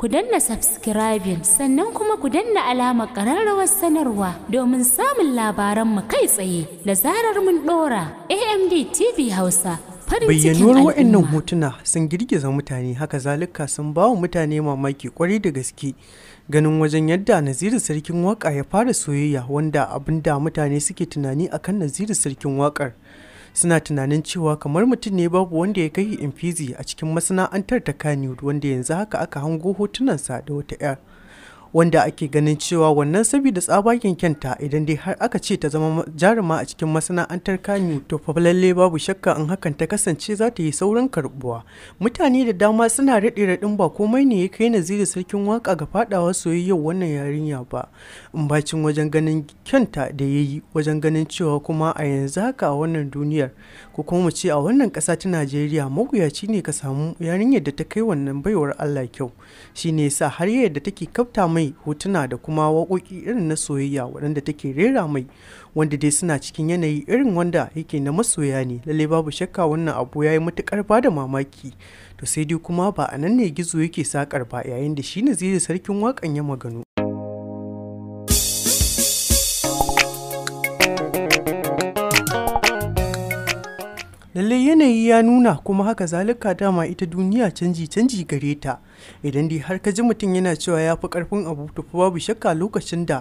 ku danna subscribing sannan kuma ku danna alamar ƙararrawar sanarwa domin samun labaranmu kai tsaye da zarar mun ɗora amd tv hausa bayyanuwar waɗannan hotuna sun girgiza mutane haka zalika sun ba wa mutane mamaki kwarai da gaske ganin wajen yadda naziru sarkin waka ya fara soyayya wanda abin da mutane suke tunani akan naziru sarkin wakar suna tunanin cewa kamar mutum ne babu wanda ya kai infizi a cikin masana'antar ta kaniwood wanda yanzu haka aka hango hotunansa da wata 'yar wanda ake ganin cewa wannan saboda tsabagen kyanta idan dai har aka ce ta zama jaruma a cikin masana'antar kanyu to fa lalle babu shakka in hakan ta kasance za ta yi saurin karbuwa mutane da dama suna rade radin ba komai ne ya kai naziri sarkin waka ga fadawa soyayyar wannan yarinya ba in bacin wajen ganin kyanta da yayi wajen ganin cewa kuma a yanzu haka a wannan duniyar ko kuma mu ce a wannan kasa ta Najeriya maguyaci ne ka samu yarinyar da ta kai wannan baiwar Allah kyau shine yasa har yadda take kafta mai mai hotuna da kuma waƙoƙi irin na soyayya waɗanda take rera mai wanda dai suna cikin yanayi irin wanda yake na masoya ne lalle babu shakka wannan abu ya yi matuƙar ba da mamaki to sai dai kuma ba a nan ne gizo yake sakar ba yayin da shi da sarkin waƙan ya maganu lallai yanayi ya nuna kuma haka zalika dama ita duniya canji canji gare ta idan dai har ka ji mutum yana cewa ya fi karfin abu to fa babu shakka lokacin da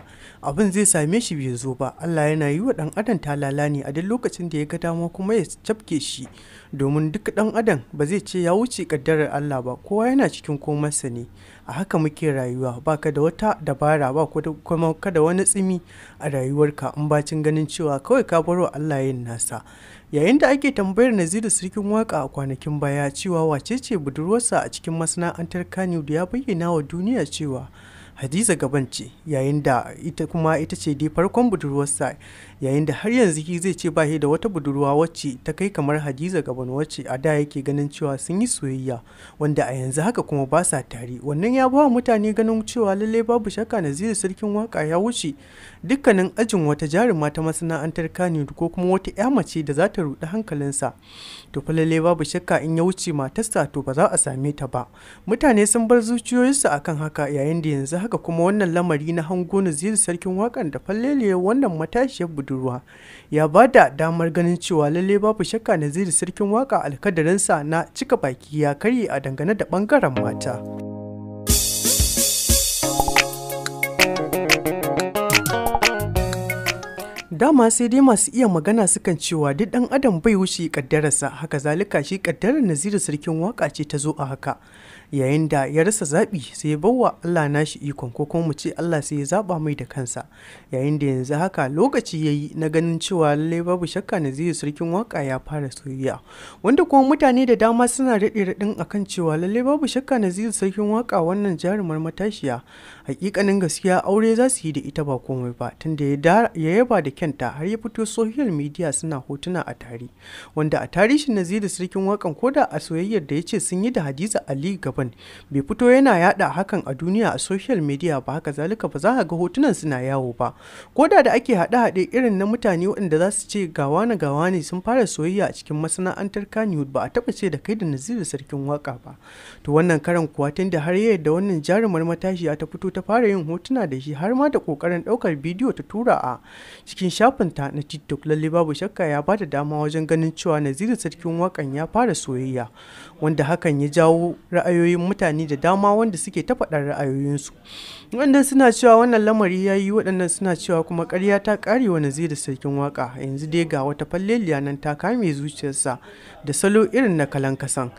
abin zai same shi bai zo ba Allah yana yi wa dan adam talala ne a duk lokacin da ya ga dama kuma ya cafke shi domin duk dan adam ba zai ce ya wuce kaddarar Allah ba kowa yana cikin komarsa ne a haka muke rayuwa baka da wata dabara ba kuma da wani tsimi a rayuwarka in bacin ganin cewa kawai ka baro Allah yin nasa yayin da ake tambayar Naziru sirkin waka a kwanakin baya cewa wacece budurwarsa a cikin masana'antar da ya bayyana wa duniya cewa hadiza gaban yayin da ita kuma ita ce dai farkon budurwarsa yayin da har yanzu shi zai ce shi da wata budurwa wacce ta kai kamar hadiza gaban wacce a da yake ganin cewa sun yi soyayya wanda a yanzu haka kuma ba sa tare wannan ya ba mutane ganin cewa lallai babu shakka zira sarkin waka ya wuce dukkanin ajin wata jaruma ta masana'antar kani ko kuma wata ya mace da za ta rudi hankalinsa to fa lallai babu shakka in ya wuce matarsa to ba za a same ta ba mutane sun bar zuciyoyinsu akan haka yayin da yanzu haka kuma wannan lamari na hango na zira sarkin wakan da fallele wannan matashiyar budurwa budurwa ya ba da damar ganin cewa lalle babu shakka naziri sarkin waka alkadarinsa na cika baki ya karye a dangane da bangaren mata dama sai dai masu iya magana sukan cewa duk dan adam bai wuce kaddararsa haka zalika shi kaddarar naziri sarkin waka ce ta zo a haka yayin da ya rasa zaɓi sai bawa Allah nashi ikon ko kuma mu ce Allah sai ya zaɓa mai da kansa yayin da yanzu haka lokaci ya yi na ganin cewa lallai babu shakka na zai sarkin waka ya fara soyayya wanda kuma mutane da dama suna daɗe raɗin akan cewa lallai babu shakka na zai sarkin waka wannan jarumar matashiya hakikanin gaskiya aure za su yi da ita ba komai ba tunda ya yaba da kyanta har ya fito social media suna hotuna a tari. wanda a tarihin naziru sarkin wakan koda a soyayyar da ya ce sun yi da hadiza ali gaba Japan bai fito yana yada hakan a duniya a social media ba haka zalika ba za ga hotunan suna yawo ba ko da da ake haɗe-haɗe irin na mutane waɗanda za su ce gawa na gawa ne sun fara soyayya a cikin masana'antar Kannywood ba a taba ce da kai da Naziru sarkin waka ba to wannan karan kuwa tun da har yadda wannan jarumar matashiya ta fito ta fara yin hotuna da shi har ma da kokarin daukar bidiyo ta tura a cikin shafin ta na TikTok lalle babu shakka ya bada dama wajen ganin cewa Naziru sarkin wakan ya fara soyayya wanda hakan ya jawo ra'ayoyi ra'ayoyin mutane da dama wanda suke ta faɗar ra'ayoyinsu wanda suna cewa wannan lamari ya yi waɗannan suna cewa kuma ƙarya ta ƙare wa zai da sarkin waƙa, yanzu dai ga wata falleliya nan ta kame zuciyarsa da salo irin na kalan kasan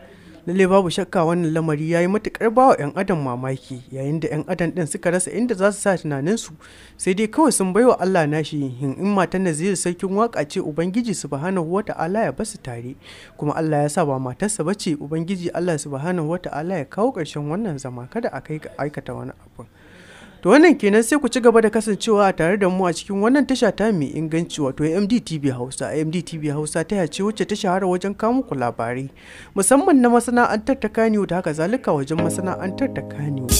lalle babu shakka wannan lamari ya yi matukar bawa 'yan adam mamaki yayin da 'yan adam din suka rasa inda za su sa tunaninsu sai dai kawai sun baiwa Allah nashi yin in matan da zai sarkin waka ce ubangiji subhanahu wata'ala ya basu tare kuma Allah ya sa ba matarsa bace ubangiji Allah subhanahu wata'ala ya kawo karshen wannan zama kada a kai aikata wani abu To wannan kenan sai ku ci gaba da kasancewa tare da mu a cikin wannan tasha ta mai inganci wato MDTV Hausa. MDTV Hausa ta ce wacce ta shahara wajen kawo muku labarai musamman na masana'antar ta Kano da haka zalika wajen masana'antar ta Kano.